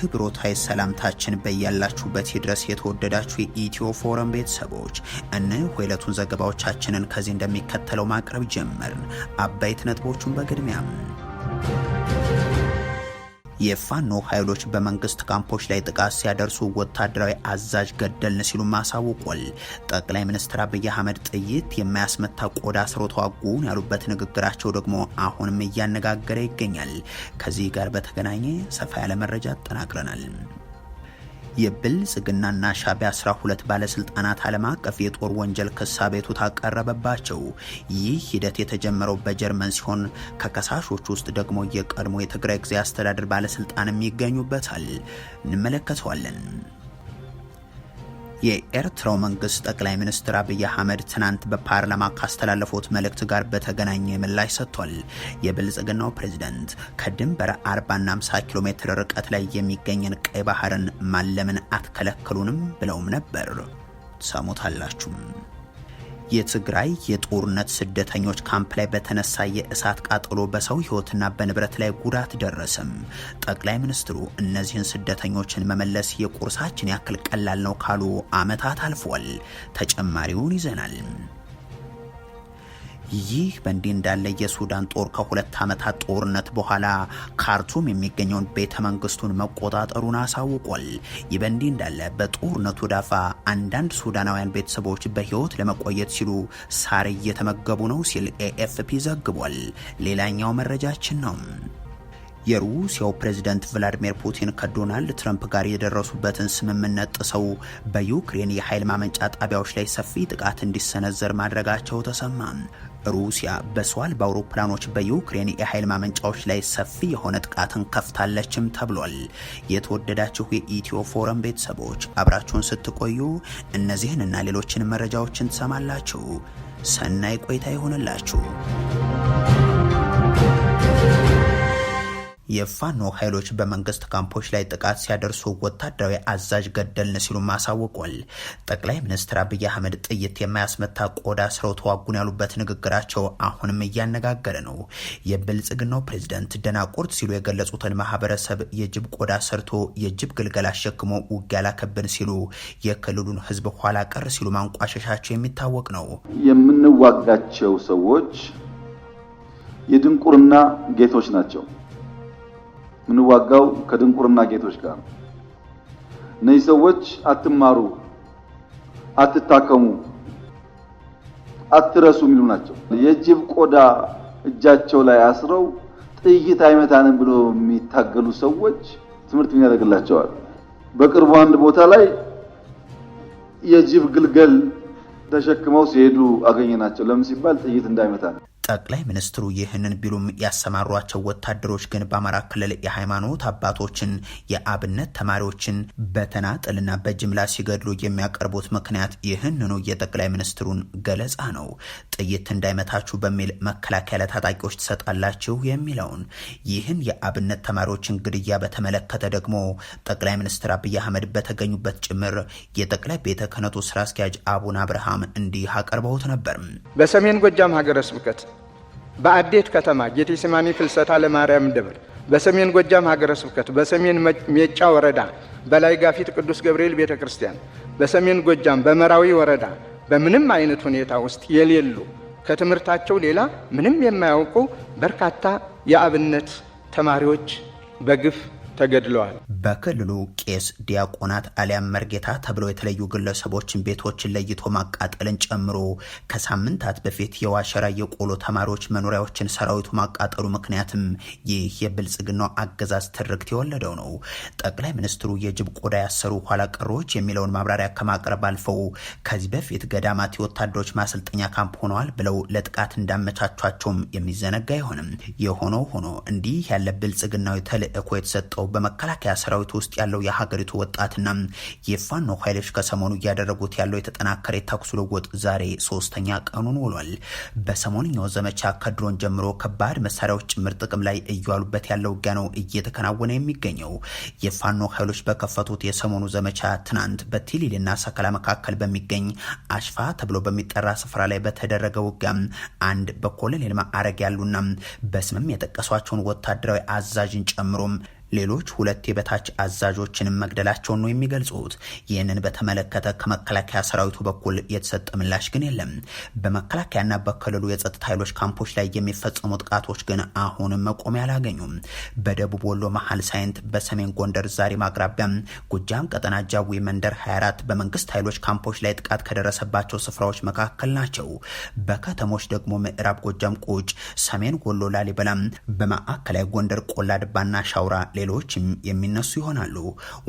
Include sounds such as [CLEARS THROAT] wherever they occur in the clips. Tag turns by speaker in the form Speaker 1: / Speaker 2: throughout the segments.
Speaker 1: አክብሮታዊ ሰላምታችን በያላችሁበት ይድረስ። የተወደዳችሁ የኢትዮ ፎረም ቤተሰቦች እነሆ የዕለቱን ዘገባዎቻችንን ከዚህ እንደሚከተለው ማቅረብ ጀመርን። አበይት ነጥቦቹን በቅድሚያም የፋኖ ኃይሎች በመንግስት ካምፖች ላይ ጥቃት ሲያደርሱ ወታደራዊ አዛዥ ገደልን ሲሉ ማሳውቋል። ጠቅላይ ሚኒስትር አብይ አህመድ ጥይት የማያስመታ ቆዳ ስሮ ተዋጉን ያሉበት ንግግራቸው ደግሞ አሁንም እያነጋገረ ይገኛል። ከዚህ ጋር በተገናኘ ሰፋ ያለ መረጃ አጠናቅረናል። የብልጽግናና ሻዕቢያ 12 ባለስልጣናት ዓለም አቀፍ የጦር ወንጀል ክስ አቤቱታ ቀረበባቸው። ይህ ሂደት የተጀመረው በጀርመን ሲሆን ከከሳሾች ውስጥ ደግሞ የቀድሞ የትግራይ ጊዜያዊ አስተዳደር ባለስልጣንም ይገኙበታል። እንመለከተዋለን። የኤርትራው መንግስት ጠቅላይ ሚኒስትር አብይ አህመድ ትናንት በፓርላማ ካስተላለፉት መልእክት ጋር በተገናኘ ምላሽ ሰጥቷል። የብልጽግናው ፕሬዚደንት ከድንበር 40ና 50 ኪሎ ሜትር ርቀት ላይ የሚገኝን ቀይ ባህርን ማለምን አትከለክሉንም ብለውም ነበር። ሰሙታላችሁም። የትግራይ የጦርነት ስደተኞች ካምፕ ላይ በተነሳ የእሳት ቃጠሎ በሰው ህይወትና በንብረት ላይ ጉዳት ደረሰም። ጠቅላይ ሚኒስትሩ እነዚህን ስደተኞችን መመለስ የቁርሳችን ያክል ቀላል ነው ካሉ አመታት አልፏል። ተጨማሪውን ይዘናል። ይህ በእንዲህ እንዳለ የሱዳን ጦር ከሁለት ዓመታት ጦርነት በኋላ ካርቱም የሚገኘውን ቤተ መንግስቱን መቆጣጠሩን አሳውቋል። ይህ በእንዲህ እንዳለ በጦርነቱ ዳፋ አንዳንድ ሱዳናውያን ቤተሰቦች በህይወት ለመቆየት ሲሉ ሳር እየተመገቡ ነው ሲል ኤኤፍፒ ዘግቧል። ሌላኛው መረጃችን ነው። የሩሲያው ፕሬዝደንት ቭላዲሚር ፑቲን ከዶናልድ ትራምፕ ጋር የደረሱበትን ስምምነት ጥሰው በዩክሬን የኃይል ማመንጫ ጣቢያዎች ላይ ሰፊ ጥቃት እንዲሰነዘር ማድረጋቸው ተሰማ። ሩሲያ በሷል በአውሮፕላኖች በዩክሬን የኃይል ማመንጫዎች ላይ ሰፊ የሆነ ጥቃትን ከፍታለችም ተብሏል። የተወደዳችሁ የኢትዮ ፎረም ቤተሰቦች አብራችሁን ስትቆዩ እነዚህን እና ሌሎችን መረጃዎችን ትሰማላችሁ። ሰናይ ቆይታ ይሆንላችሁ። የፋኖ ኃይሎች በመንግስት ካምፖች ላይ ጥቃት ሲያደርሱ ወታደራዊ አዛዥ ገደልን ሲሉ አሳውቋል። ጠቅላይ ሚኒስትር አብይ አህመድ ጥይት የማያስመታ ቆዳ ስረው ተዋጉን ያሉበት ንግግራቸው አሁንም እያነጋገረ ነው። የብልጽግናው ፕሬዝደንት ደናቁርት ሲሉ የገለጹትን ማህበረሰብ የጅብ ቆዳ ሰርቶ የጅብ ግልገል አሸክሞ ውጊያ ላከብን ሲሉ የክልሉን ህዝብ ኋላ ቀር ሲሉ ማንቋሸሻቸው የሚታወቅ ነው።
Speaker 2: የምንዋጋቸው ሰዎች የድንቁርና ጌቶች ናቸው። የምንዋጋው ከድንቁርና ጌቶች ጋር ነው። እነዚህ ሰዎች አትማሩ፣ አትታከሙ፣ አትረሱ የሚሉ ናቸው። የጅብ ቆዳ እጃቸው ላይ አስረው ጥይት አይመታንም ብሎ የሚታገሉ ሰዎች ትምህርት ምን ያደርግላቸዋል? በቅርቡ አንድ ቦታ ላይ የጅብ ግልገል ተሸክመው ሲሄዱ አገኘናቸው። ለምን ሲባል ጥይት እንዳይመታ ነው።
Speaker 1: ጠቅላይ ሚኒስትሩ ይህንን ቢሉም ያሰማሯቸው ወታደሮች ግን በአማራ ክልል የሃይማኖት አባቶችን የአብነት ተማሪዎችን በተናጠልና በጅምላ ሲገድሉ የሚያቀርቡት ምክንያት ይህንኑ የጠቅላይ ሚኒስትሩን ገለጻ ነው። ጥይት እንዳይመታችሁ በሚል መከላከያ ለታጣቂዎች ትሰጣላችሁ የሚለውን ይህን የአብነት ተማሪዎችን ግድያ በተመለከተ ደግሞ ጠቅላይ ሚኒስትር አብይ አህመድ በተገኙበት ጭምር የጠቅላይ ቤተ ክህነቱ ስራ አስኪያጅ አቡነ አብርሃም እንዲህ አቀርበውት ነበር።
Speaker 2: በሰሜን ጎጃም ሀገረ ስብከት በአዴት ከተማ ጌቴሴማኒ ፍልሰታ ለማርያም ደብር በሰሜን ጎጃም ሀገረ ስብከት በሰሜን ሜጫ ወረዳ በላይ ጋፊት ቅዱስ ገብርኤል ቤተ ክርስቲያን በሰሜን ጎጃም በመራዊ ወረዳ በምንም አይነት ሁኔታ ውስጥ የሌሉ ከትምህርታቸው ሌላ ምንም የማያውቁ በርካታ የአብነት ተማሪዎች በግፍ ተገድለዋል።
Speaker 1: በክልሉ ቄስ፣ ዲያቆናት አሊያም መርጌታ ተብለው የተለዩ ግለሰቦችን ቤቶችን ለይቶ ማቃጠልን ጨምሮ ከሳምንታት በፊት የዋሸራ የቆሎ ተማሪዎች መኖሪያዎችን ሰራዊቱ ማቃጠሉ ምክንያትም ይህ የብልጽግናው አገዛዝ ትርክት የወለደው ነው። ጠቅላይ ሚኒስትሩ የጅብ ቆዳ ያሰሩ ኋላ ቀሮች የሚለውን ማብራሪያ ከማቅረብ አልፈው ከዚህ በፊት ገዳማት የወታደሮች ማሰልጠኛ ካምፕ ሆነዋል ብለው ለጥቃት እንዳመቻቿቸውም የሚዘነጋ አይሆንም። የሆነው ሆኖ እንዲህ ያለ ብልጽግናዊ ተልእኮ የተሰጠው በመከላከያ ሰራዊት ውስጥ ያለው የሀገሪቱ ወጣትና የፋኖ ኃይሎች ከሰሞኑ እያደረጉት ያለው የተጠናከረ የተኩስ ልውውጥ ዛሬ ሶስተኛ ቀኑን ውሏል። በሰሞንኛው ዘመቻ ከድሮን ጀምሮ ከባድ መሳሪያዎች ጭምር ጥቅም ላይ እየዋሉበት ያለው ውጊያ ነው እየተከናወነ የሚገኘው። የፋኖ ኃይሎች በከፈቱት የሰሞኑ ዘመቻ ትናንት በቲሊልና ሰከላ መካከል በሚገኝ አሽፋ ተብሎ በሚጠራ ስፍራ ላይ በተደረገ ውጊያ አንድ በኮሎኔል ማዕረግ ያሉና በስምም የጠቀሷቸውን ወታደራዊ አዛዥን ጨምሮም ሌሎች ሁለት የበታች አዛዦችንም መግደላቸውን ነው የሚገልጹት። ይህንን በተመለከተ ከመከላከያ ሰራዊቱ በኩል የተሰጠ ምላሽ ግን የለም። በመከላከያና በክልሉ የጸጥታ ኃይሎች ካምፖች ላይ የሚፈጸሙ ጥቃቶች ግን አሁንም መቆሚያ አላገኙም። በደቡብ ወሎ መሀል ሳይንት፣ በሰሜን ጎንደር ዛሪም ማቅራቢያ ጎጃም ቀጠና ጃዊ መንደር 24 በመንግስት ኃይሎች ካምፖች ላይ ጥቃት ከደረሰባቸው ስፍራዎች መካከል ናቸው። በከተሞች ደግሞ ምዕራብ ጎጃም ቁጭ፣ ሰሜን ወሎ ላሊበላ፣ በማዕከላዊ ጎንደር ቆላ ድባና ሻውራ ሌሎችም የሚነሱ ይሆናሉ።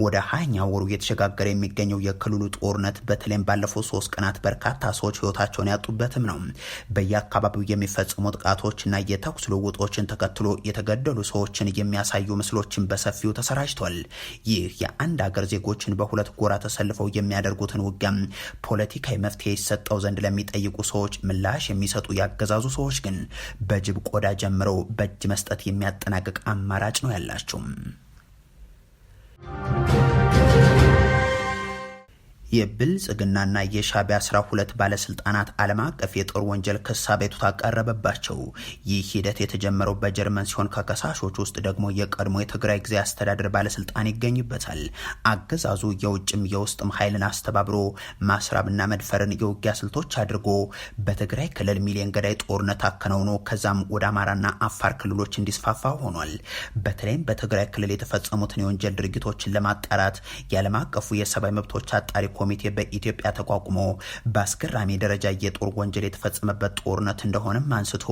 Speaker 1: ወደ ሀያኛ ወሩ እየተሸጋገረ የሚገኘው የክልሉ ጦርነት በተለይም ባለፈው ሶስት ቀናት በርካታ ሰዎች ህይወታቸውን ያጡበትም ነው። በየአካባቢው የሚፈጸሙ ጥቃቶችና የተኩስ ልውውጦችን ተከትሎ የተገደሉ ሰዎችን የሚያሳዩ ምስሎችን በሰፊው ተሰራጅቷል። ይህ የአንድ አገር ዜጎችን በሁለት ጎራ ተሰልፈው የሚያደርጉትን ውጊያም ፖለቲካዊ መፍትሄ ይሰጠው ዘንድ ለሚጠይቁ ሰዎች ምላሽ የሚሰጡ ያገዛዙ ሰዎች ግን በጅብ ቆዳ ጀምረው በእጅ መስጠት የሚያጠናቅቅ አማራጭ ነው ያላቸው። የብልጽግናና የሻቢያ አስራ ሁለት ባለስልጣናት ዓለም አቀፍ የጦር ወንጀል ክስ አቤቱታ ቀረበባቸው። ይህ ሂደት የተጀመረው በጀርመን ሲሆን ከከሳሾች ውስጥ ደግሞ የቀድሞ የትግራይ ጊዜ አስተዳደር ባለስልጣን ይገኝበታል። አገዛዙ የውጭም የውስጥም ኃይልን አስተባብሮ ማስራብና መድፈርን የውጊያ ስልቶች አድርጎ በትግራይ ክልል ሚሊዮን ገዳይ ጦርነት አከናውኖ ከዛም ወደ አማራና አፋር ክልሎች እንዲስፋፋ ሆኗል። በተለይም በትግራይ ክልል የተፈጸሙትን የወንጀል ድርጊቶችን ለማጣራት የዓለም አቀፉ የሰብአዊ መብቶች አጣሪ ኮሚቴ በኢትዮጵያ ተቋቁሞ በአስገራሚ ደረጃ የጦር ወንጀል የተፈጸመበት ጦርነት እንደሆነም አንስቶ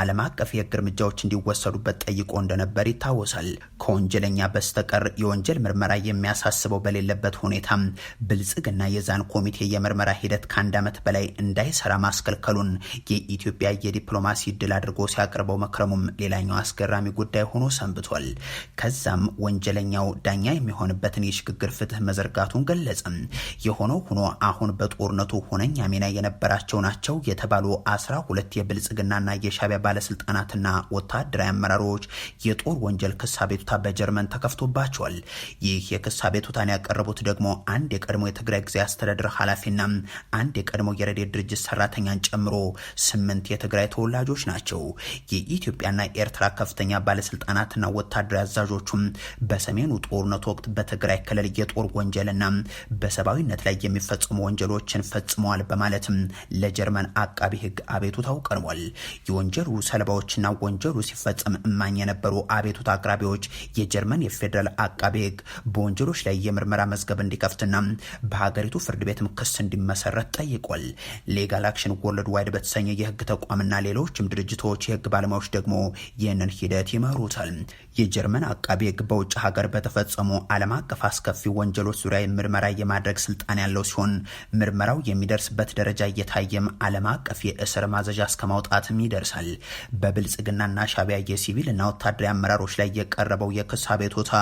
Speaker 1: ዓለም አቀፍ የህግ እርምጃዎች እንዲወሰዱበት ጠይቆ እንደነበር ይታወሳል። ከወንጀለኛ በስተቀር የወንጀል ምርመራ የሚያሳስበው በሌለበት ሁኔታም ብልጽግና የዛን ኮሚቴ የምርመራ ሂደት ከአንድ ዓመት በላይ እንዳይሰራ ማስከልከሉን የኢትዮጵያ የዲፕሎማሲ ድል አድርጎ ሲያቀርበው መክረሙም ሌላኛው አስገራሚ ጉዳይ ሆኖ ሰንብቷል። ከዛም ወንጀለኛው ዳኛ የሚሆንበትን የሽግግር ፍትህ መዘርጋቱን ገለጸም። የሆነው ሆኖ አሁን በጦርነቱ ሁነኛ ሚና የነበራቸው ናቸው የተባሉ አስራ ሁለት የብልጽግናና የሻቢያ ባለስልጣናትና ወታደራዊ አመራሮች የጦር ወንጀል ክስ አቤቱታ በጀርመን ተከፍቶባቸዋል። ይህ የክስ አቤቱታን ያቀረቡት ደግሞ አንድ የቀድሞ የትግራይ ጊዜ አስተዳደር ኃላፊና አንድ የቀድሞ የረድኤት ድርጅት ሰራተኛን ጨምሮ ስምንት የትግራይ ተወላጆች ናቸው። የኢትዮጵያና ኤርትራ ከፍተኛ ባለስልጣናትና ወታደራዊ አዛዦቹም በሰሜኑ ጦርነት ወቅት በትግራይ ክልል የጦር ወንጀልና በሰብአዊነት በማንነት ላይ የሚፈጽሙ ወንጀሎችን ፈጽመዋል በማለትም ለጀርመን አቃቢ ህግ አቤቱታው ቀርቧል። የወንጀሉ ሰለባዎችና ወንጀሉ ሲፈጽም እማኝ የነበሩ አቤቱት አቅራቢዎች የጀርመን የፌዴራል አቃቢ ህግ በወንጀሎች ላይ የምርመራ መዝገብ እንዲከፍትና በሀገሪቱ ፍርድ ቤትም ክስ እንዲመሰረት ጠይቋል። ሌጋል አክሽን ወርልድ ዋይድ በተሰኘ የህግ ተቋምና ሌሎችም ድርጅቶች የህግ ባለሙያዎች ደግሞ ይህንን ሂደት ይመሩታል። የጀርመን አቃቢ ህግ በውጭ ሀገር በተፈጸሙ ዓለም አቀፍ አስከፊ ወንጀሎች ዙሪያ ምርመራ የማድረግ ስልጣ ስልጣን ያለው ሲሆን ምርመራው የሚደርስበት ደረጃ እየታየም ዓለም አቀፍ የእስር ማዘዣ እስከ ማውጣትም ይደርሳል። በብልጽግናና ሻቢያ እና ወታደራዊ አመራሮች ላይ የቀረበው የክስ አቤቱታ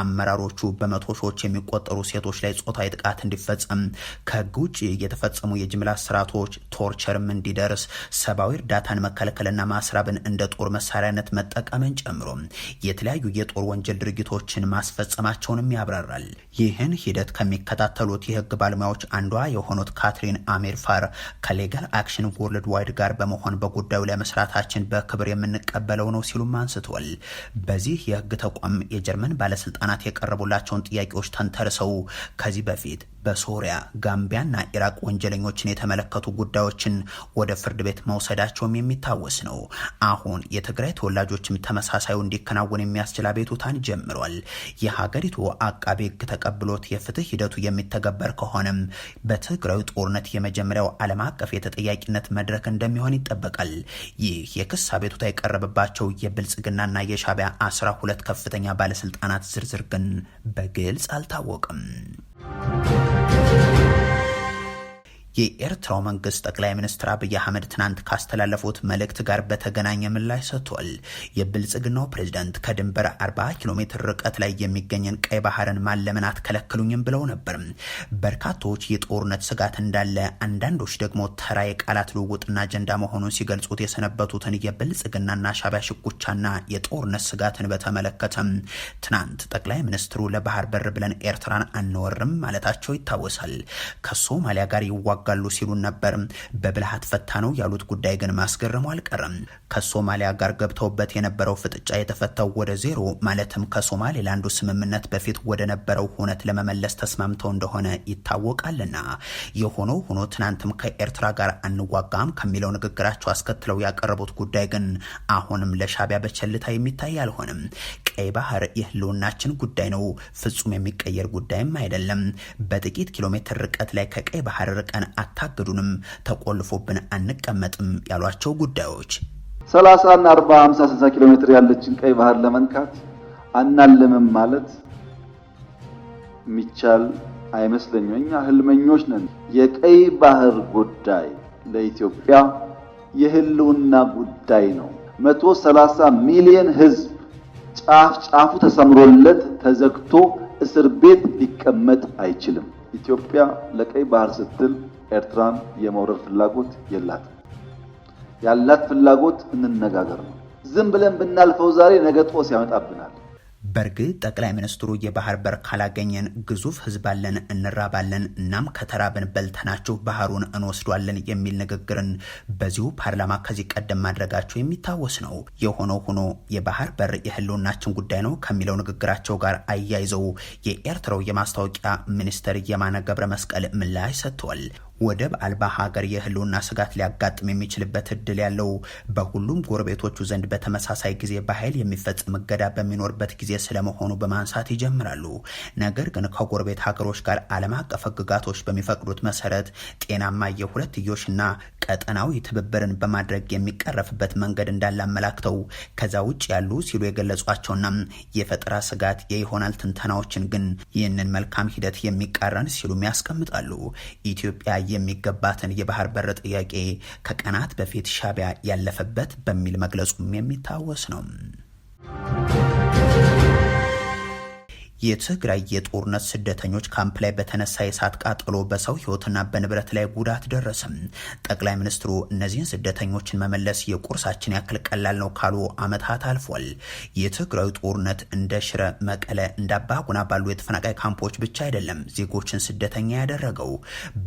Speaker 1: አመራሮቹ በመቶ ሺዎች የሚቆጠሩ ሴቶች ላይ ጾታዊ ጥቃት እንዲፈጸም፣ ከህግ ውጭ የተፈጸሙ የጅምላ ስርዓቶች ቶርቸርም እንዲደርስ፣ ሰብአዊ እርዳታን መከልከልና ማስራብን እንደ ጦር መሳሪያነት መጠቀምን ጨምሮ የተለያዩ የጦር ወንጀል ድርጊቶችን ማስፈጸማቸውንም ያብራራል። ይህን ሂደት ከሚከታተሉት የህግ ባለሙያዎች አንዷ የሆኑት ካትሪን አሜርፋር ከሌጋል አክሽን ወርልድ ዋይድ ጋር በመሆን በጉዳዩ ላይ መስራታችን በክብር የምንቀበለው ነው ሲሉም አንስቷል። በዚህ የህግ ተቋም የጀርመን ባለስልጣናት የቀረቡላቸውን ጥያቄዎች ተንተርሰው ከዚህ በፊት በሶሪያ ጋምቢያና ኢራቅ ወንጀለኞችን የተመለከቱ ጉዳዮችን ወደ ፍርድ ቤት መውሰዳቸውም የሚታወስ ነው። አሁን የትግራይ ተወላጆችም ተመሳሳዩ እንዲከናወን የሚያስችል አቤቱታን ጀምሯል። የሀገሪቱ አቃቤ ሕግ ተቀብሎት የፍትህ ሂደቱ የሚተገበር ከሆነም በትግራዩ ጦርነት የመጀመሪያው ዓለም አቀፍ የተጠያቂነት መድረክ እንደሚሆን ይጠበቃል። ይህ የክስ አቤቱታ የቀረበባቸው የብልጽግናና የሻቢያ አስራ ሁለት ከፍተኛ ባለስልጣናት ዝርዝር ግን በግልጽ አልታወቅም። Música የኤርትራው መንግስት ጠቅላይ ሚኒስትር አብይ አህመድ ትናንት ካስተላለፉት መልእክት ጋር በተገናኘ ምላሽ ሰጥቷል። የብልጽግናው ፕሬዝዳንት ከድንበር 40 ኪሎ ሜትር ርቀት ላይ የሚገኘን ቀይ ባህርን ማለምን አትከለክሉኝም ብለው ነበር። በርካቶች የጦርነት ስጋት እንዳለ፣ አንዳንዶች ደግሞ ተራ የቃላት ልውውጥና አጀንዳ መሆኑን ሲገልጹት የሰነበቱትን የብልጽግናና ሻቢያ ሽኩቻና የጦርነት ስጋትን በተመለከተም ትናንት ጠቅላይ ሚኒስትሩ ለባህር በር ብለን ኤርትራን አንወርም ማለታቸው ይታወሳል። ከሶማሊያ ጋር ይዋ ይዋጋሉ ሲሉን ነበር። በብልሃት ፈታ ነው ያሉት ጉዳይ ግን ማስገረሙ አልቀረም። ከሶማሊያ ጋር ገብተውበት የነበረው ፍጥጫ የተፈታው ወደ ዜሮ ማለትም ከሶማሌላንዱ ስምምነት በፊት ወደ ነበረው ሁነት ለመመለስ ተስማምተው እንደሆነ ይታወቃልና የሆኖ ሆኖ ትናንትም ከኤርትራ ጋር አንዋጋም ከሚለው ንግግራቸው አስከትለው ያቀረቡት ጉዳይ ግን አሁንም ለሻቢያ በቸልታ የሚታይ አልሆንም። ቀይ ባህር የህልውናችን ጉዳይ ነው፣ ፍጹም የሚቀየር ጉዳይም አይደለም። በጥቂት ኪሎ ሜትር ርቀት ላይ ከቀይ ባህር ርቀን አታግዱንም፣ ተቆልፎብን አንቀመጥም ያሏቸው ጉዳዮች
Speaker 2: ሰላሳና አርባ ሃምሳ ስልሳ ኪሎ ሜትር ያለችን ቀይ ባህር ለመንካት አናልምም ማለት የሚቻል አይመስለኝም። እኛ ህልመኞች ነን። የቀይ ባህር ጉዳይ ለኢትዮጵያ የህልውና ጉዳይ ነው። መቶ ሰላሳ ሚሊዮን ህዝብ ጫፍ ጫፉ ተሰምሮለት ተዘግቶ እስር ቤት ሊቀመጥ አይችልም። ኢትዮጵያ ለቀይ ባህር ስትል ኤርትራን የመውረር ፍላጎት የላትም። ያላት ፍላጎት እንነጋገር ነው። ዝም ብለን ብናልፈው ዛሬ ነገ ጦስ ያመጣብናል።
Speaker 1: በእርግጥ ጠቅላይ ሚኒስትሩ የባህር በር ካላገኘን ግዙፍ ህዝብ አለን፣ እንራባለን፣ እናም ከተራብን በልተናችሁ ባህሩን እንወስዷለን የሚል ንግግርን በዚሁ ፓርላማ ከዚህ ቀደም ማድረጋቸው የሚታወስ ነው። የሆነው ሆኖ የባህር በር የህልውናችን ጉዳይ ነው ከሚለው ንግግራቸው ጋር አያይዘው የኤርትራው የማስታወቂያ ሚኒስትር የማነ ገብረ መስቀል ምላሽ ሰጥተዋል። ወደብ አልባ ሀገር የህልውና ስጋት ሊያጋጥም የሚችልበት እድል ያለው በሁሉም ጎረቤቶቹ ዘንድ በተመሳሳይ ጊዜ በኃይል የሚፈጸም እገዳ በሚኖርበት ጊዜ ስለመሆኑ በማንሳት ይጀምራሉ። ነገር ግን ከጎረቤት ሀገሮች ጋር ዓለም አቀፍ ህግጋቶች በሚፈቅዱት መሰረት ጤናማ የሁለትዮሽና ቀጠናዊ ትብብርን በማድረግ የሚቀረፍበት መንገድ እንዳለ አመላክተው ከዛ ውጭ ያሉ ሲሉ የገለጿቸውና የፈጠራ ስጋት የይሆናል ትንተናዎችን ግን ይህንን መልካም ሂደት የሚቃረን ሲሉም ያስቀምጣሉ። ኢትዮጵያ የሚገባትን የባህር በር ጥያቄ ከቀናት በፊት ሻቢያ ያለፈበት በሚል መግለጹም የሚታወስ ነው። የትግራይ የጦርነት ስደተኞች ካምፕ ላይ በተነሳ የእሳት ቃጠሎ በሰው ህይወትና በንብረት ላይ ጉዳት ደረሰም። ጠቅላይ ሚኒስትሩ እነዚህን ስደተኞችን መመለስ የቁርሳችን ያክል ቀላል ነው ካሉ አመታት አልፏል። የትግራዩ ጦርነት እንደ ሽረ፣ መቀለ፣ እንደ አባጉና ባሉ የተፈናቃይ ካምፖች ብቻ አይደለም ዜጎችን ስደተኛ ያደረገው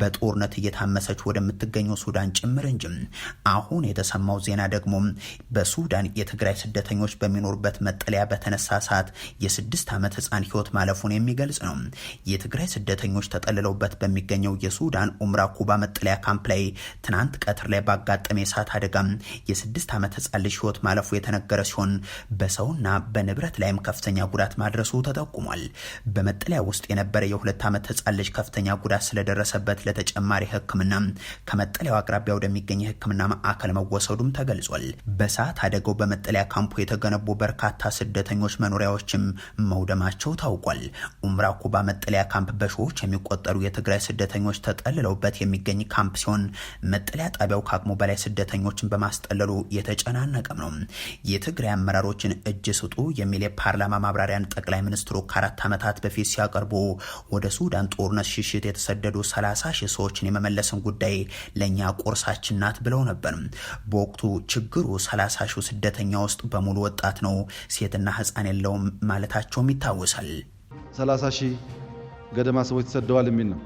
Speaker 1: በጦርነት እየታመሰች ወደምትገኘው ሱዳን ጭምር እንጂ። አሁን የተሰማው ዜና ደግሞ በሱዳን የትግራይ ስደተኞች በሚኖሩበት መጠለያ በተነሳ እሳት የስድስት ዓመት ህፃን ህይወት ህይወት ማለፉን የሚገልጽ ነው። የትግራይ ስደተኞች ተጠልለውበት በሚገኘው የሱዳን ኡምራ ኩባ መጠለያ ካምፕ ላይ ትናንት ቀትር ላይ ባጋጠመ የእሳት አደጋ የስድስት ዓመት ህጻን ልጅ ህይወት ማለፉ የተነገረ ሲሆን በሰውና በንብረት ላይም ከፍተኛ ጉዳት ማድረሱ ተጠቁሟል። በመጠለያ ውስጥ የነበረ የሁለት ዓመት ህጻን ልጅ ከፍተኛ ጉዳት ስለደረሰበት ለተጨማሪ ህክምና ከመጠለያው አቅራቢያ ወደሚገኝ ህክምና ማዕከል መወሰዱም ተገልጿል። በሰዓት አደጋው በመጠለያ ካምፑ የተገነቡ በርካታ ስደተኞች መኖሪያዎችም መውደማቸው ታውቋል። ታውቋል። ኡምራ ኩባ መጠለያ ካምፕ በሺዎች የሚቆጠሩ የትግራይ ስደተኞች ተጠልለውበት የሚገኝ ካምፕ ሲሆን መጠለያ ጣቢያው ከአቅሙ በላይ ስደተኞችን በማስጠለሉ የተጨናነቀም ነው። የትግራይ አመራሮችን እጅ ስጡ የሚል የፓርላማ ማብራሪያን ጠቅላይ ሚኒስትሩ ከአራት ዓመታት በፊት ሲያቀርቡ ወደ ሱዳን ጦርነት ሽሽት የተሰደዱ 30 ሺህ ሰዎችን የመመለስን ጉዳይ ለእኛ ቁርሳችን ናት ብለው ነበር። በወቅቱ ችግሩ 30 ሺህ ስደተኛ ውስጥ በሙሉ ወጣት ነው፣ ሴትና ህፃን የለውም ማለታቸውም ይታወሳል።
Speaker 2: 30 ሺህ ገደማ ሰዎች ተሰደዋል የሚል ነው።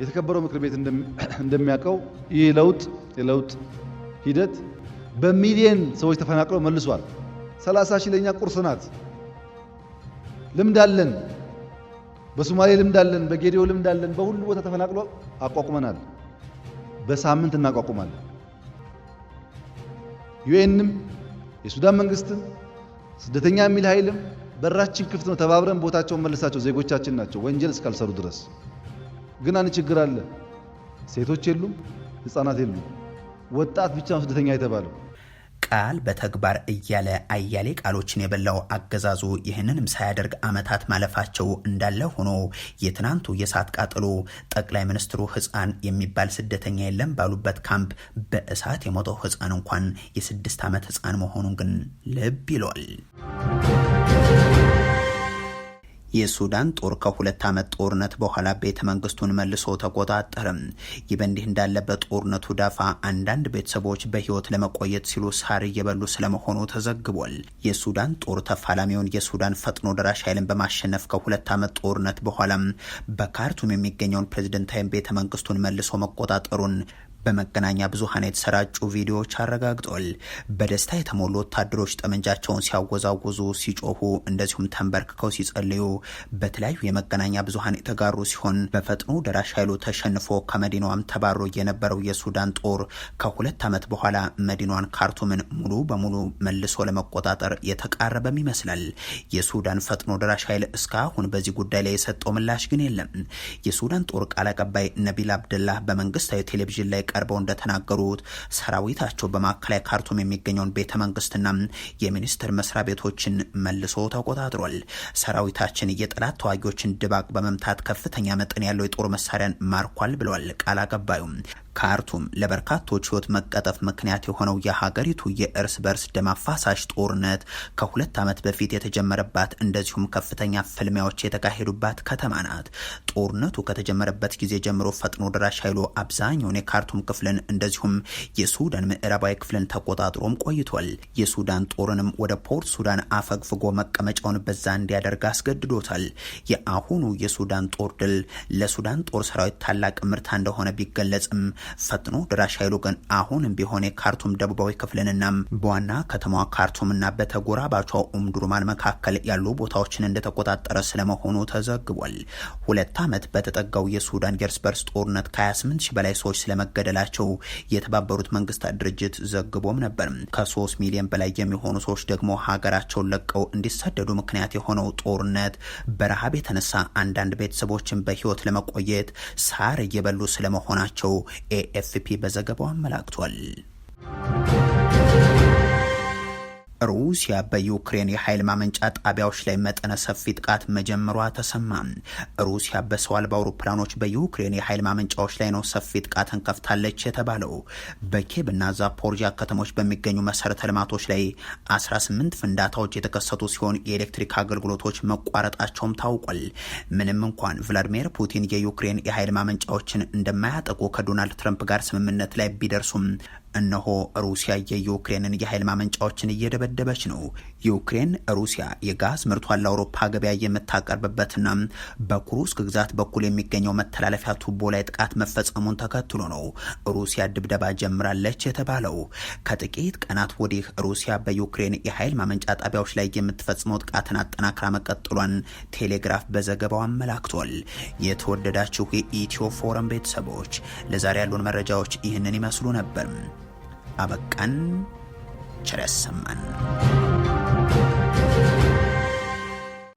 Speaker 2: የተከበረው ምክር ቤት [CLEARS THROAT] እንደሚያውቀው ይህ ለውጥ የለውጥ ሂደት በሚሊየን ሰዎች ተፈናቅለው መልሷል። 30 ሺህ ለኛ ቁርስ ናት። ልምድ አለን፣ በሶማሌ ልምድ አለን፣ በጌዲዮ ልምድ አለን። በሁሉ ቦታ ተፈናቅሎ አቋቁመናል። በሳምንት እናቋቁማለን። ዩኤንም የሱዳን መንግስትም ስደተኛ የሚል ኃይልም በራችን ክፍት ነው። ተባብረን ቦታቸውን መልሳቸው ዜጎቻችን ናቸው፣ ወንጀል እስካልሰሩ ድረስ። ግን አንድ ችግር አለ። ሴቶች የሉም፣ ህፃናት የሉም። ወጣት ብቻ ነው ስደተኛ የተባለው።
Speaker 1: ቃል በተግባር እያለ አያሌ ቃሎችን የበላው አገዛዙ ይህንንም ሳያደርግ አመታት ማለፋቸው እንዳለ ሆኖ የትናንቱ የእሳት ቃጠሎ ጠቅላይ ሚኒስትሩ ህፃን የሚባል ስደተኛ የለም ባሉበት ካምፕ በእሳት የሞተው ህፃን እንኳን የስድስት ዓመት ህፃን መሆኑን ግን ልብ ይሏል። የሱዳን ጦር ከሁለት ዓመት ጦርነት በኋላ ቤተ መንግስቱን መልሶ ተቆጣጠርም። ይህ በእንዲህ እንዳለበት ጦርነቱ ዳፋ አንዳንድ ቤተሰቦች በህይወት ለመቆየት ሲሉ ሳር እየበሉ ስለመሆኑ ተዘግቧል። የሱዳን ጦር ተፋላሚውን የሱዳን ፈጥኖ ደራሽ ኃይልን በማሸነፍ ከሁለት ዓመት ጦርነት በኋላም በካርቱም የሚገኘውን ፕሬዝደንታዊ ቤተ መንግስቱን መልሶ መቆጣጠሩን በመገናኛ ብዙሃን የተሰራጩ ቪዲዮዎች አረጋግጧል። በደስታ የተሞሉ ወታደሮች ጠመንጃቸውን ሲያወዛውዙ፣ ሲጮሁ፣ እንደዚሁም ተንበርክከው ሲጸልዩ በተለያዩ የመገናኛ ብዙሃን የተጋሩ ሲሆን በፈጥኖ ደራሽ ኃይሉ ተሸንፎ ከመዲናዋም ተባሮ የነበረው የሱዳን ጦር ከሁለት ዓመት በኋላ መዲናዋን ካርቱምን ሙሉ በሙሉ መልሶ ለመቆጣጠር የተቃረበም ይመስላል። የሱዳን ፈጥኖ ደራሽ ኃይል እስካሁን በዚህ ጉዳይ ላይ የሰጠው ምላሽ ግን የለም። የሱዳን ጦር ቃል አቀባይ ነቢል አብደላህ በመንግስታዊ ቴሌቪዥን ላይ ቀርበው እንደተናገሩት ሰራዊታቸው በማዕከላዊ ካርቱም የሚገኘውን ቤተ መንግስትና የሚኒስቴር መስሪያ ቤቶችን መልሶ ተቆጣጥሯል። ሰራዊታችን የጠላት ተዋጊዎችን ድባቅ በመምታት ከፍተኛ መጠን ያለው የጦር መሳሪያን ማርኳል ብለዋል ቃል አቀባዩም። ካርቱም ለበርካቶች ህይወት መቀጠፍ ምክንያት የሆነው የሀገሪቱ የእርስ በርስ ደም አፋሳሽ ጦርነት ከሁለት ዓመት በፊት የተጀመረባት እንደዚሁም ከፍተኛ ፍልሚያዎች የተካሄዱባት ከተማ ናት። ጦርነቱ ከተጀመረበት ጊዜ ጀምሮ ፈጥኖ ደራሽ ኃይሉ አብዛኛውን የካርቱም ክፍልን እንደዚሁም የሱዳን ምዕራባዊ ክፍልን ተቆጣጥሮም ቆይቷል። የሱዳን ጦርንም ወደ ፖርት ሱዳን አፈግፍጎ መቀመጫውን በዛ እንዲያደርግ አስገድዶታል። የአሁኑ የሱዳን ጦር ድል ለሱዳን ጦር ሰራዊት ታላቅ ምርታ እንደሆነ ቢገለጽም ፈጥኖ ድራሽ ኃይሉ ግን አሁንም ቢሆን የካርቱም ደቡባዊ ክፍልንና በዋና ከተማዋ ካርቱምና በተጎራባቿ ኡምዱርማን መካከል ያሉ ቦታዎችን እንደተቆጣጠረ ስለመሆኑ ተዘግቧል። ሁለት ዓመት በተጠጋው የሱዳን የእርስ በርስ ጦርነት ከ28 ሺ በላይ ሰዎች ስለመገደል መገደላቸው የተባበሩት መንግስታት ድርጅት ዘግቦም ነበር። ከሶስት ሚሊዮን በላይ የሚሆኑ ሰዎች ደግሞ ሀገራቸውን ለቀው እንዲሰደዱ ምክንያት የሆነው ጦርነት፣ በረሃብ የተነሳ አንዳንድ ቤተሰቦችን በህይወት ለመቆየት ሳር እየበሉ ስለመሆናቸው ኤኤፍፒ በዘገባው አመላክቷል። ሩሲያ በዩክሬን የኃይል ማመንጫ ጣቢያዎች ላይ መጠነ ሰፊ ጥቃት መጀመሯ ተሰማ። ሩሲያ በሰው አልባ አውሮፕላኖች በዩክሬን የኃይል ማመንጫዎች ላይ ነው ሰፊ ጥቃትን ከፍታለች የተባለው። በኬብና ዛፖርዣ ከተሞች በሚገኙ መሰረተ ልማቶች ላይ 18 ፍንዳታዎች የተከሰቱ ሲሆን የኤሌክትሪክ አገልግሎቶች መቋረጣቸውም ታውቋል። ምንም እንኳን ቭላድሚር ፑቲን የዩክሬን የኃይል ማመንጫዎችን እንደማያጠቁ ከዶናልድ ትራምፕ ጋር ስምምነት ላይ ቢደርሱም እነሆ ሩሲያ የዩክሬንን የኃይል ማመንጫዎችን እየደበደበች ነው። ዩክሬን ሩሲያ የጋዝ ምርቷን ለአውሮፓ ገበያ የምታቀርብበትና በኩሩስክ ግዛት በኩል የሚገኘው መተላለፊያ ቱቦ ላይ ጥቃት መፈጸሙን ተከትሎ ነው ሩሲያ ድብደባ ጀምራለች የተባለው። ከጥቂት ቀናት ወዲህ ሩሲያ በዩክሬን የኃይል ማመንጫ ጣቢያዎች ላይ የምትፈጽመው ጥቃትን አጠናክራ መቀጠሏን ቴሌግራፍ በዘገባው አመላክቷል። የተወደዳችሁ የኢትዮ ፎረም ቤተሰቦች ለዛሬ ያሉን መረጃዎች ይህንን ይመስሉ ነበር። አበቃን። ቸር ያሰማን።